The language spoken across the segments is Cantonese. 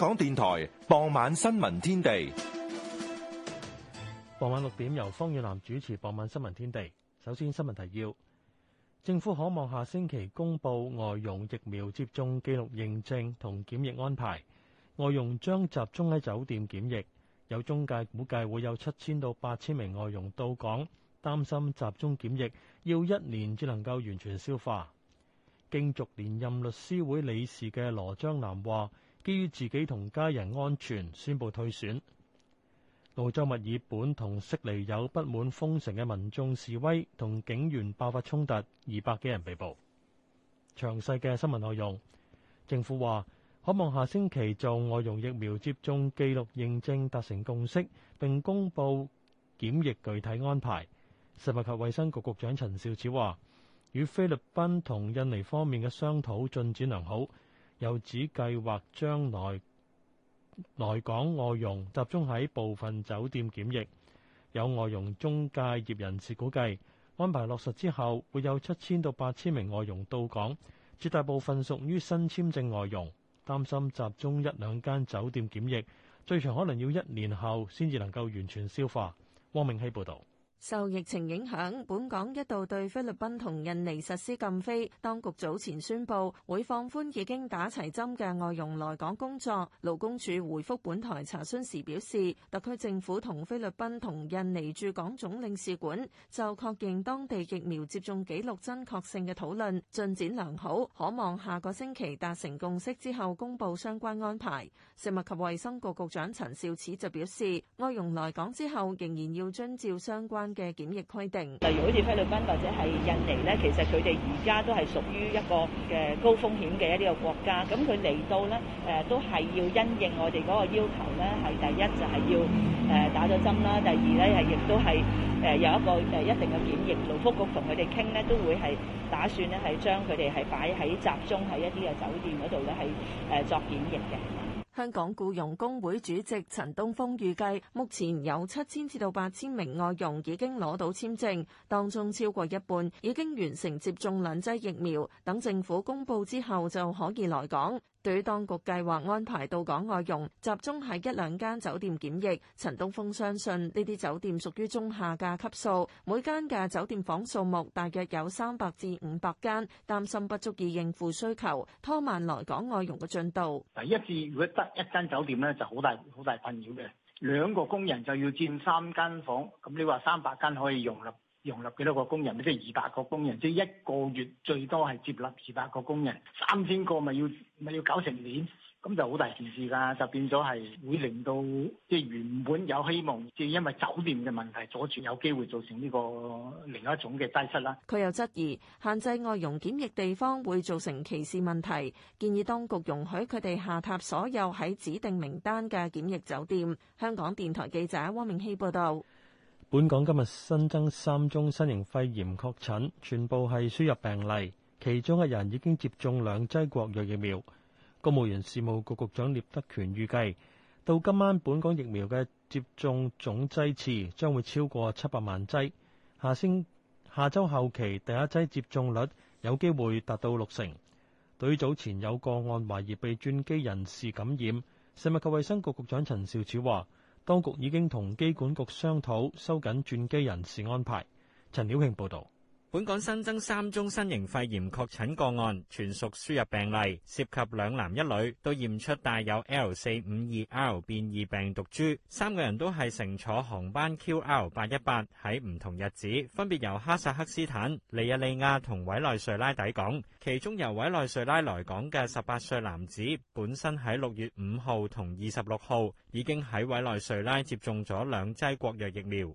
香港電台傍晚新聞天地，傍晚六點由方遠南主持。傍晚新聞天地，首先新聞提要：政府可望下星期公布外傭疫苗接種記錄認證同檢疫安排。外傭將集中喺酒店檢疫，有中介估計會有七千到八千名外傭到港，擔心集中檢疫要一年至能夠完全消化。經續連任律師會理事嘅羅章南話基於自己同家人安全，宣布退選。澳洲墨爾本同悉尼有不滿封城嘅民眾示威，同警員爆發衝突，二百幾人被捕。詳細嘅新聞內容，政府話可望下星期就外傭疫苗接種記錄認證達成共識，並公布檢疫具體安排。食物及衛生局局長陳肇始話，與菲律賓同印尼方面嘅商討進展良好。又指計劃將來港外傭集中喺部分酒店檢疫，有外傭中介業人士估計安排落實之後，會有七千到八千名外傭到港，絕大部分屬於新簽證外傭。擔心集中一兩間酒店檢疫，最長可能要一年後先至能夠完全消化。汪明希報導。受疫情影響，本港一度對菲律賓同印尼實施禁飛，當局早前宣布會放寬已經打齊針嘅外傭來港工作。勞工處回覆本台查詢時表示，特區政府同菲律賓同印尼駐港總領事館就確認當地疫苗接種記錄真確性嘅討論進展良好，可望下個星期達成共識之後公布相關安排。食物及衛生局局長陳肇始就表示，外傭來港之後仍然要遵照相關。嘅檢疫規定，例如好似菲律賓或者係印尼咧，其實佢哋而家都係屬於一個嘅高風險嘅一啲嘅國家。咁佢嚟到咧，誒都係要因應我哋嗰個要求咧，係第一就係要誒打咗針啦，第二咧係亦都係誒有一個誒一定嘅檢疫。勞福局同佢哋傾咧，都會係打算咧係將佢哋係擺喺集中喺一啲嘅酒店嗰度咧，係誒作檢疫嘅。香港僱傭工會主席陳東峰預計，目前有七千至到八千名外傭已經攞到簽證，當中超過一半已經完成接種兩劑疫苗，等政府公布之後就可以來港。對於當局計劃安排到港外傭，集中喺一兩間酒店檢疫，陳東峰相信呢啲酒店屬於中下價級數，每間嘅酒店房數目大約有三百至五百間，擔心不足以應付需求，拖慢來港外傭嘅進度。第一次如果得一間酒店咧，就好大好大困擾嘅。兩個工人就要佔三間房，咁你話三百間可以用啦。容納幾多個工人？即係二百個工人，即係一個月最多係接納二百個工人，三千個咪要咪要搞成年，咁就好大件事㗎，就變咗係會令到即係原本有希望，即係因為酒店嘅問題阻住有機會造成呢個另外一種嘅擠出啦。佢又質疑限制外傭檢疫地方會造成歧視問題，建議當局容許佢哋下榻所有喺指定名單嘅檢疫酒店。香港電台記者汪明希報道。本港今日新增三宗新型肺炎確診，全部係輸入病例，其中一人已經接種兩劑國藥疫苗。公務員事務局局長聶德權預計，到今晚本港疫苗嘅接種總劑次將會超過七百萬劑。下星下周後期第一劑接種率有機會達到六成。對於早前有個案懷疑被轉機人士感染，食物及衛生局局長陳肇始話。當局已經同機管局商討收緊轉機人士安排。陳曉慶報導。本港新增三宗新型肺炎確診個案，全屬輸入病例，涉及兩男一女，都驗出帶有 L 四五二 R 變異病毒株。三個人都係乘坐航班 QL 八一八喺唔同日子，分別由哈薩克斯坦、尼日利亞同委內瑞拉抵港。其中由委內瑞拉來港嘅十八歲男子，本身喺六月五號同二十六號已經喺委內瑞拉接種咗兩劑國藥疫苗。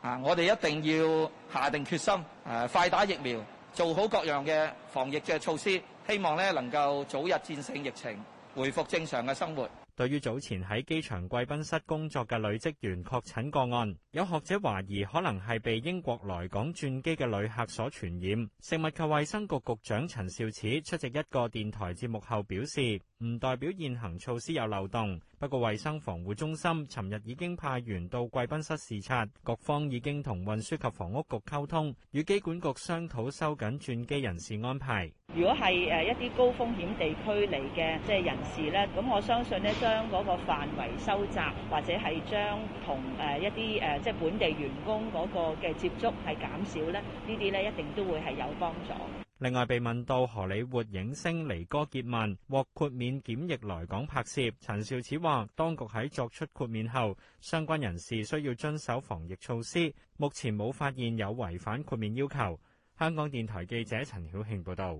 啊！我哋一定要下定決心，誒、啊、快打疫苗，做好各樣嘅防疫嘅措施，希望呢能夠早日戰勝疫情，恢復正常嘅生活。對於早前喺機場貴賓室工作嘅女職員確診個案，有學者懷疑可能係被英國來港轉機嘅旅客所傳染。食物及衛生局局長陳肇始出席一個電台節目後表示。唔代表現行措施有漏洞，不過衞生防護中心尋日已經派員到貴賓室視察，各方已經同運輸及房屋局溝通，與機管局商討收緊轉機人士安排。如果係誒一啲高風險地區嚟嘅，即係人士咧，咁我相信咧將嗰個範圍收窄，或者係將同誒一啲誒即係本地員工嗰個嘅接觸係減少咧，呢啲咧一定都會係有幫助。另外被問到，荷里活影星妮歌潔曼獲豁免檢疫來港拍攝，陳肇始話，當局喺作出豁免後，相關人士需要遵守防疫措施，目前冇發現有違反豁免要求。香港電台記者陳曉慶報道，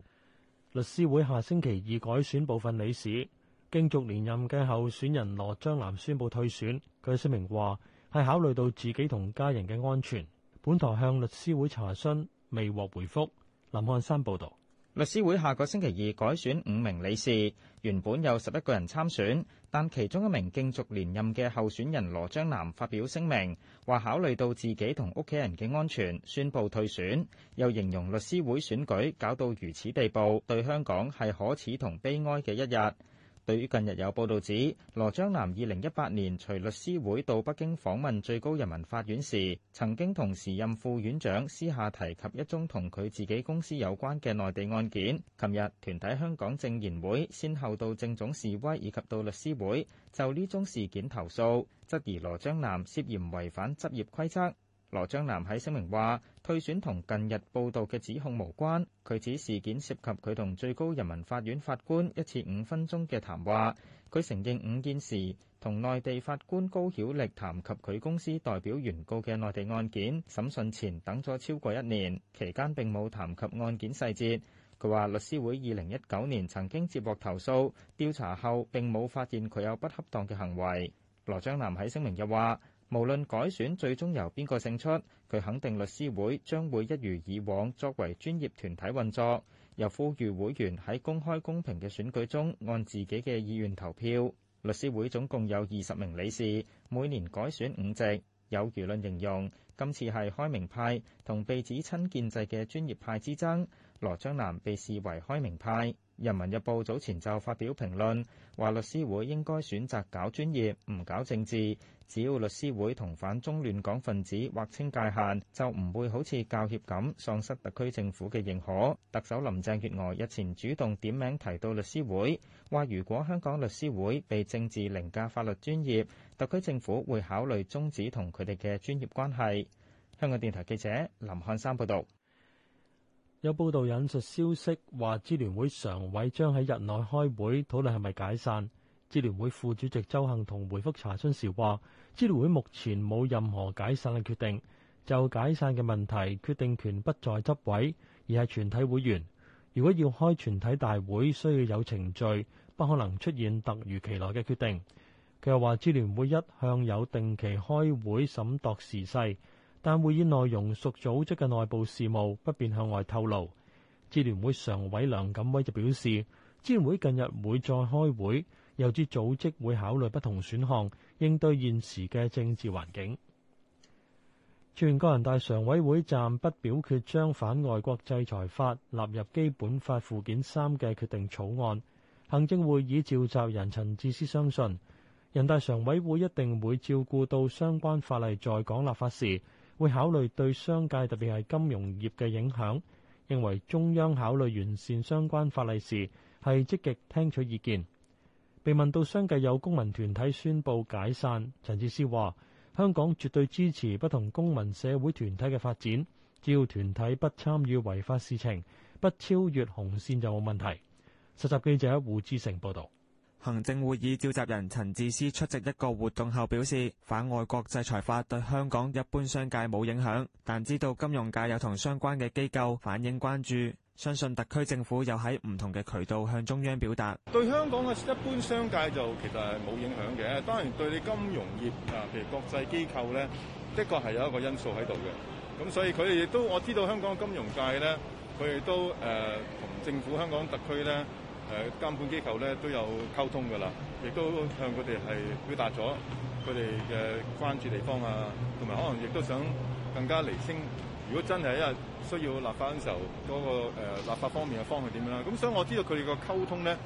律師會下星期二改選部分理事，競逐連任嘅候選人羅彰南宣布退選，據聲明話係考慮到自己同家人嘅安全。本台向律師會查詢，未獲回覆。林漢山報道，律師會下個星期二改選五名理事，原本有十一個人參選，但其中一名競逐連任嘅候選人羅章南發表聲明，話考慮到自己同屋企人嘅安全，宣布退選，又形容律師會選舉搞到如此地步，對香港係可恥同悲哀嘅一日。對於近日有報道指羅章南二零一八年隨律師會到北京訪問最高人民法院時，曾經同時任副院長私下提及一宗同佢自己公司有關嘅內地案件。琴日，團體香港政研會先後到政總示威以及到律師會就呢宗事件投訴，質疑羅章南涉嫌違反執業規則。羅章南喺聲明話，退選同近日報道嘅指控無關。佢指事件涉及佢同最高人民法院法官一次五分鐘嘅談話。佢承認五件事，同內地法官高曉力談及佢公司代表原告嘅內地案件審訊前等咗超過一年，期間並冇談及案件細節。佢話律師會二零一九年曾經接獲投訴，調查後並冇發現佢有不恰當嘅行為。羅章南喺聲明又話。無論改選最終由邊個勝出，佢肯定律師會將會一如以往作為專業團體運作，又呼籲會員喺公開公平嘅選舉中按自己嘅意願投票。律師會總共有二十名理事，每年改選五席。有輿論形容今次係開明派同被指親建制嘅專業派之爭，羅章南被視為開明派。《人民日報》早前就發表評論，話律師會應該選擇搞專業，唔搞政治。只要律師會同反中亂港分子劃清界限，就唔會好似教協咁喪失特區政府嘅認可。特首林鄭月娥日前主動點名提到律師會，話如果香港律師會被政治凌駕法律專業，特區政府會考慮終止同佢哋嘅專業關係。香港電台記者林漢山報道。有報道引述消息話，說支聯會常委將喺日內開會討論係咪解散。支聯會副主席周幸同回覆查詢時話：支聯會目前冇任何解散嘅決定。就解散嘅問題，決定權不在執委，而係全體會員。如果要開全體大會，需要有程序，不可能出現突如其來嘅決定。佢又話：支聯會一向有定期開會審度時勢。但會議內容屬組織嘅內部事務，不便向外透露。支聯會常委梁錦威就表示，支聯會近日唔會再開會，又指組織會考慮不同選項，應對現時嘅政治環境。全國人大常委會暫不表決將反外國制裁法納入基本法附件三嘅決定草案。行政會議召集人陳智思相信，人大常委會一定會照顧到相關法例，在港立法時。會考慮對商界，特別係金融業嘅影響。認為中央考慮完善相關法例時，係積極聽取意見。被問到商界有公民團體宣布解散，陳志思話：香港絕對支持不同公民社會團體嘅發展，只要團體不參與違法事情，不超越紅線就冇問題。實習記者胡志成報導。行政會議召集人陳智思出席一個活動後表示，反外國制裁法對香港一般商界冇影響，但知道金融界有同相關嘅機構反映關注，相信特區政府有喺唔同嘅渠道向中央表達。對香港嘅一般商界就其實係冇影響嘅，當然對你金融業啊，譬如國際機構呢，的確係有一個因素喺度嘅。咁所以佢哋亦都我知道香港金融界呢，佢哋都誒同、呃、政府香港特區呢。誒監管機構咧都有溝通㗎啦，亦都向佢哋係表達咗佢哋嘅關注地方啊，同埋可能亦都想更加釐清，如果真係一日需要立法嗰陣時候，嗰、嗰個、誒、立法方面嘅方向點樣啦。咁所以我知道佢哋個溝通咧，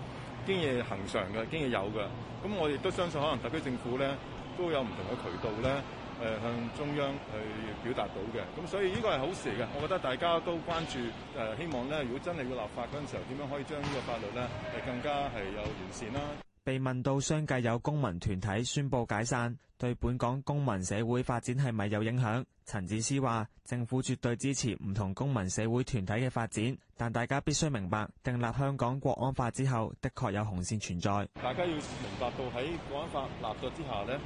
經已恒常嘅，經已有㗎。咁我亦都相信可能特區政府咧都有唔同嘅渠道咧。誒向中央去表達到嘅，咁所以呢個係好事嚟嘅。我覺得大家都關注，呃，希望咧，如果真係要立法嗰陣時候，點樣可以將呢個法律咧係更加係有完善啦。被問到，相繼有公民團體宣布解散，對本港公民社會發展係咪有影響？陳智思話，政府絕對支持唔同公民社會團體嘅發展，但大家必須明白，訂立香港國安法之後，的確有紅線存在。大家要明白到喺國安法立咗之下呢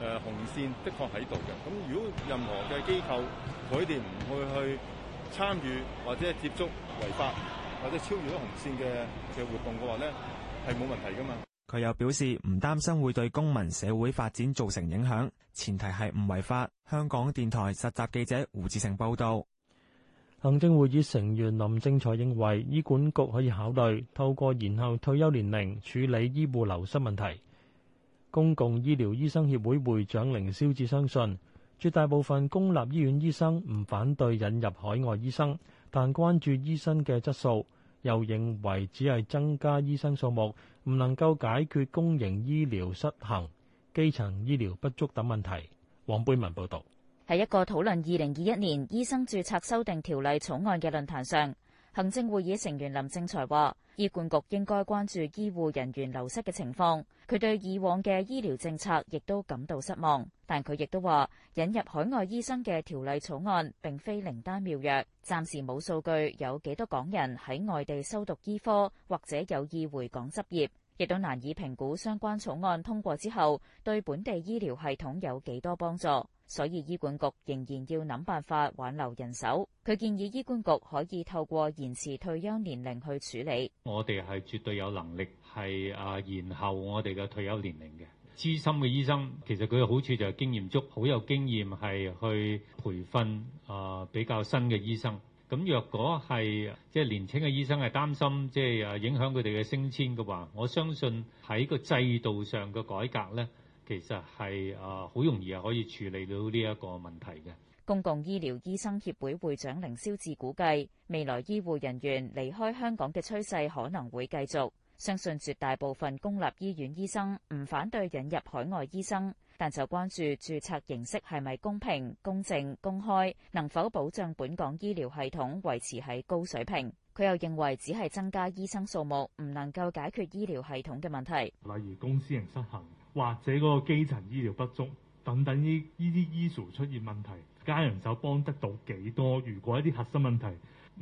誒，紅線的確喺度嘅。咁如果任何嘅機構佢哋唔會去參與或者係接觸違法或者超越咗紅線嘅嘅活動嘅話呢係冇問題噶嘛。佢又表示唔擔心會對公民社會發展造成影響，前提係唔違法。香港電台實習記者胡志成報道。行政會議成員林正財認為醫管局可以考慮透過延後退休年齡處理醫護流失問題，公共醫療醫生協會會長凌霄志相信絕大部分公立醫院醫生唔反對引入海外醫生，但關注醫生嘅質素。又認為只係增加醫生數目，唔能夠解決公營醫療失衡、基層醫療不足等問題。黃貝文報導，喺一個討論《二零二一年醫生註冊修訂條例草案》嘅論壇上。行政會議成員林正財話，醫管局應該關注醫護人員流失嘅情況。佢對以往嘅醫療政策亦都感到失望，但佢亦都話，引入海外醫生嘅條例草案並非靈丹妙藥。暫時冇數據有幾多港人喺外地修讀醫科或者有意回港執業，亦都難以評估相關草案通過之後對本地醫療系統有幾多幫助。所以醫管局仍然要諗辦法挽留人手。佢建議醫管局可以透過延遲退休年齡去處理。我哋係絕對有能力係啊延後我哋嘅退休年齡嘅資深嘅醫生，其實佢嘅好處就係經驗足，好有經驗係去培訓啊比較新嘅醫生。咁若果係即係年輕嘅醫生係擔心即係啊、就是、影響佢哋嘅升遷嘅話，我相信喺個制度上嘅改革咧。其實係啊，好容易啊，可以處理到呢一個問題嘅。公共醫療醫生協會會長凌霄智估計，未來醫護人員離開香港嘅趨勢可能會繼續。相信絕大部分公立醫院醫生唔反對引入海外醫生，但就關注註冊形式係咪公平、公正、公開，能否保障本港醫療系統維持喺高水平？佢又認為只係增加醫生數目唔能夠解決醫療系統嘅問題，例如公私營人失衡。或者嗰個基層醫療不足，等等，呢呢啲醫療出現問題，加人手幫得到幾多？如果一啲核心問題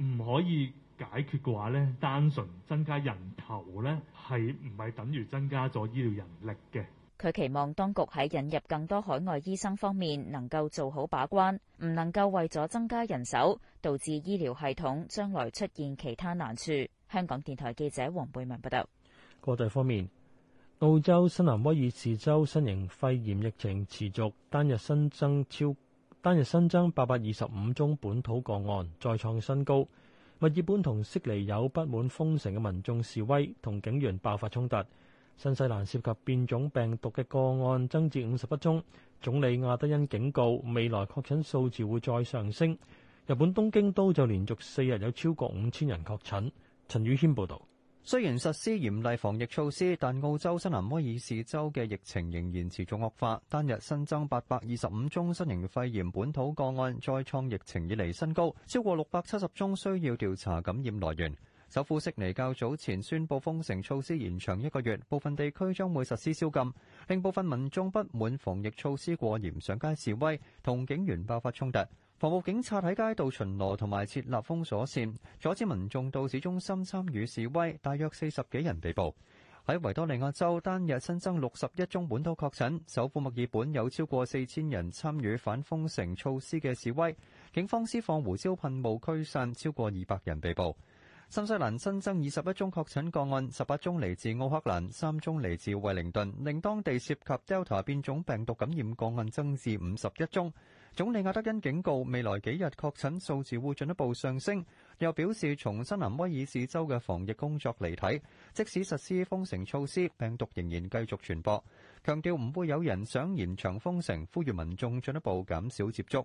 唔可以解決嘅話咧，單純增加人頭咧，係唔係等於增加咗醫療人力嘅？佢期望當局喺引入更多海外醫生方面能夠做好把關，唔能夠為咗增加人手導致醫療系統將來出現其他難處，香港電台記者黃貝文報道。各地方面。澳洲新南威爾士州新型肺炎疫情持續，單日新增超單日新增八百二十五宗本土個案，再創新高。墨爾本同悉尼有不滿封城嘅民眾示威，同警員爆發衝突。新西蘭涉及變種病毒嘅個案增至五十八宗，總理亞德恩警告未來確診數字會再上升。日本東京都就連續四日有超過五千人確診。陳宇軒報道。雖然實施嚴厲防疫措施，但澳洲新南威爾士州嘅疫情仍然持續惡化，單日新增825宗新型肺炎本土個案，再創疫情以嚟新高，超過670宗需要調查感染來源。首府悉尼較早前宣布封城措施延長一個月，部分地區將會實施宵禁，令部分民眾不滿防疫措施過嚴，上街示威，同警員爆發衝突。防暴警察喺街道巡邏同埋設立封鎖線，阻止民眾到市中心參與示威，大約四十幾人被捕。喺維多利亞州，單日新增六十一宗本土確診，首府墨爾本有超過四千人參與反封城措施嘅示威，警方施放胡椒噴霧驅散，超過二百人被捕。新西蘭新增二十一宗確診個案，十八宗嚟自奧克蘭，三宗嚟自惠靈頓，令當地涉及 Delta 變種病毒感染個案增至五十一宗。總理阿德恩警告，未來幾日確診數字會進一步上升。又表示，從新南威爾士州嘅防疫工作嚟睇，即使實施封城措施，病毒仍然繼續傳播。強調唔會有人想延長封城，呼籲民眾進一步減少接觸。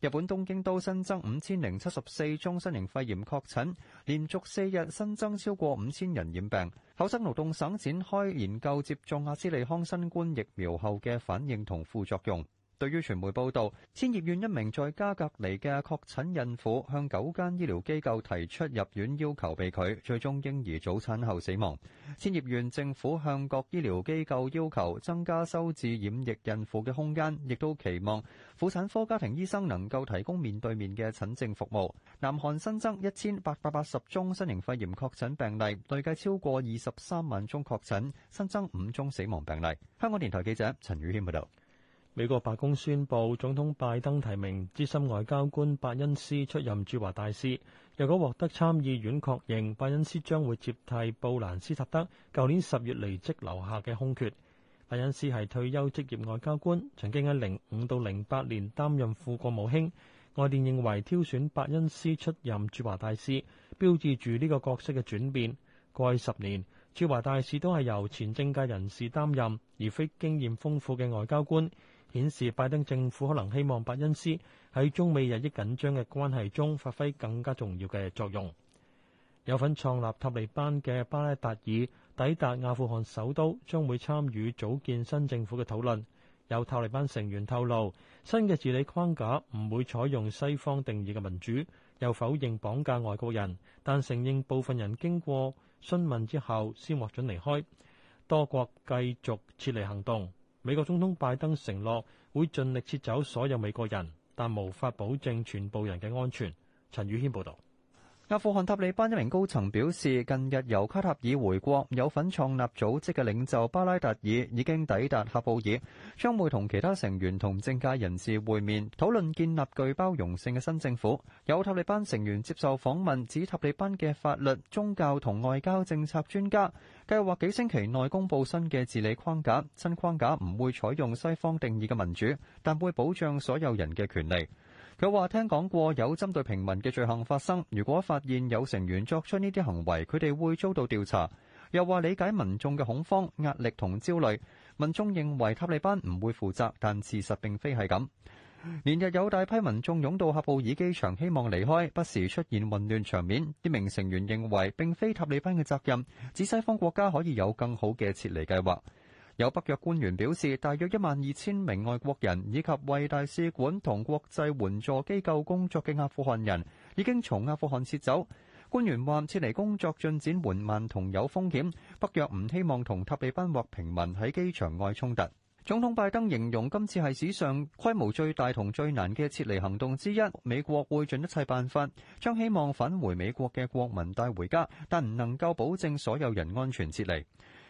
日本東京都新增五千零七十四宗新型肺炎確診，連續四日新增超過五千人染病。厚生勞動省展開研究接種阿斯利康新冠疫苗後嘅反應同副作用。對於傳媒報道，千葉縣一名在家隔離嘅確診孕婦向九間醫療機構提出入院要求被拒，最終嬰兒早產後死亡。千葉縣政府向各醫療機構要求增加收治染疫孕婦嘅空間，亦都期望婦產科家庭醫生能夠提供面對面嘅診症服務。南韓新增一千八百八十宗新型肺炎確診病例，累計超過二十三萬宗確診，新增五宗死亡病例。香港電台記者陳宇軒報道。美國白宮宣布，總統拜登提名資深外交官伯恩斯出任駐華大使。如果獲得參議院確認，伯恩斯將會接替布蘭斯特德舊年十月離職留下嘅空缺。伯恩斯係退休職業外交官，曾經喺零五到零八年擔任副國務卿。外電認為，挑選伯恩斯出任駐華大使，標誌住呢個角色嘅轉變。過去十年，駐華大使都係由前政界人士擔任，而非經驗豐富嘅外交官。顯示拜登政府可能希望伯恩斯喺中美日益緊張嘅關係中發揮更加重要嘅作用。有份創立塔利班嘅巴拉達爾抵達阿富汗首都，將會參與組建新政府嘅討論。有塔利班成員透露，新嘅治理框架唔會採用西方定義嘅民主，又否認綁架外國人，但承認部分人經過詢問之後先獲准離開。多國繼續撤離行動。美國總統拜登承諾會盡力撤走所有美國人，但無法保證全部人嘅安全。陳宇軒報導。阿富汗塔利班一名高層表示，近日由卡塔爾回國有份創立組織嘅領袖巴拉達爾已經抵達喀布爾，將會同其他成員同政界人士會面，討論建立具包容性嘅新政府。有塔利班成員接受訪問指塔利班嘅法律、宗教同外交政策專家計劃幾星期內公布新嘅治理框架，新框架唔會採用西方定義嘅民主，但會保障所有人嘅權利。佢話聽講過有針對平民嘅罪行發生，如果發現有成員作出呢啲行為，佢哋會遭到調查。又話理解民眾嘅恐慌、壓力同焦慮。民眾認為塔利班唔會負責，但事實並非係咁。連日有大批民眾湧到喀布爾機場，希望離開，不時出現混亂場面。呢名成員認為並非塔利班嘅責任，指西方國家可以有更好嘅撤離計劃。有北約官員表示，大約一萬二千名外國人以及為大使館同國際援助機構工作嘅阿富汗人已經從阿富汗撤走。官員話，撤離工作進展緩慢同有風險，北約唔希望同塔利班或平民喺機場外衝突。總統拜登形容今次係史上規模最大同最難嘅撤離行動之一，美國會盡一切辦法將希望返回美國嘅國民帶回家，但唔能夠保證所有人安全撤離。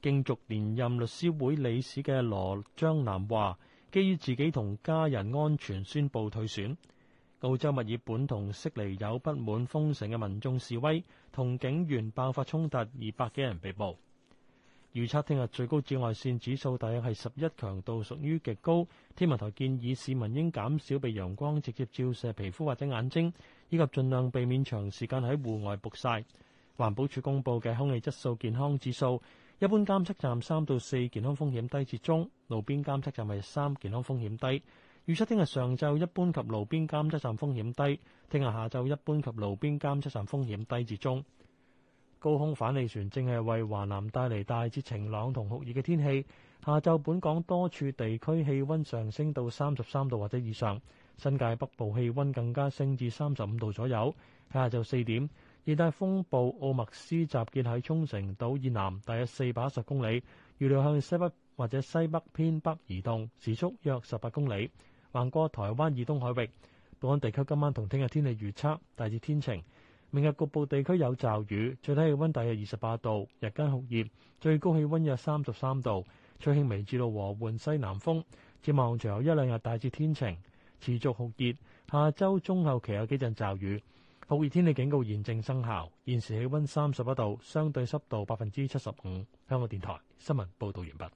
競逐連任律師會理事嘅羅張南話，基於自己同家人安全，宣佈退選。澳洲墨爾本同悉尼有不滿封城嘅民眾示威，同警員爆發衝突，二百幾人被捕。預測聽日最高紫外綫指數大約係十一強度，屬於極高。天文台建議市民應減少被陽光直接照射皮膚或者眼睛，以及盡量避免長時間喺戶外曝曬。環保署公布嘅空氣質素健康指數。一般監測站三到四，健康風險低至中，路邊監測站係三，健康風險低。預測聽日上晝一般及路邊監測站風險低，聽日下晝一般及路邊監測站風險低至中。高空反氣旋正係為華南帶嚟大致晴朗同酷熱嘅天氣，下晝本港多處地區氣温上升到三十三度或者以上，新界北部氣温更加升至三十五度左右。下晝四點。熱帶風暴奧麥斯集結喺沖繩島以南大約四百一十公里，預料向西北或者西北偏北移動，時速約十八公里，橫過台灣以東海域。本港地區今晚同聽日天氣預測大致天晴，明日局部地區有驟雨，最低氣溫大約二十八度，日間酷熱，最高氣溫約三十三度，吹輕微至到和緩西南風。展望隨後一兩日大致天晴，持續酷熱，下周中後期有幾陣驟雨。酷熱天氣警告，現正生效。現時氣溫三十一度，相對濕度百分之七十五。香港電台新聞報道完畢。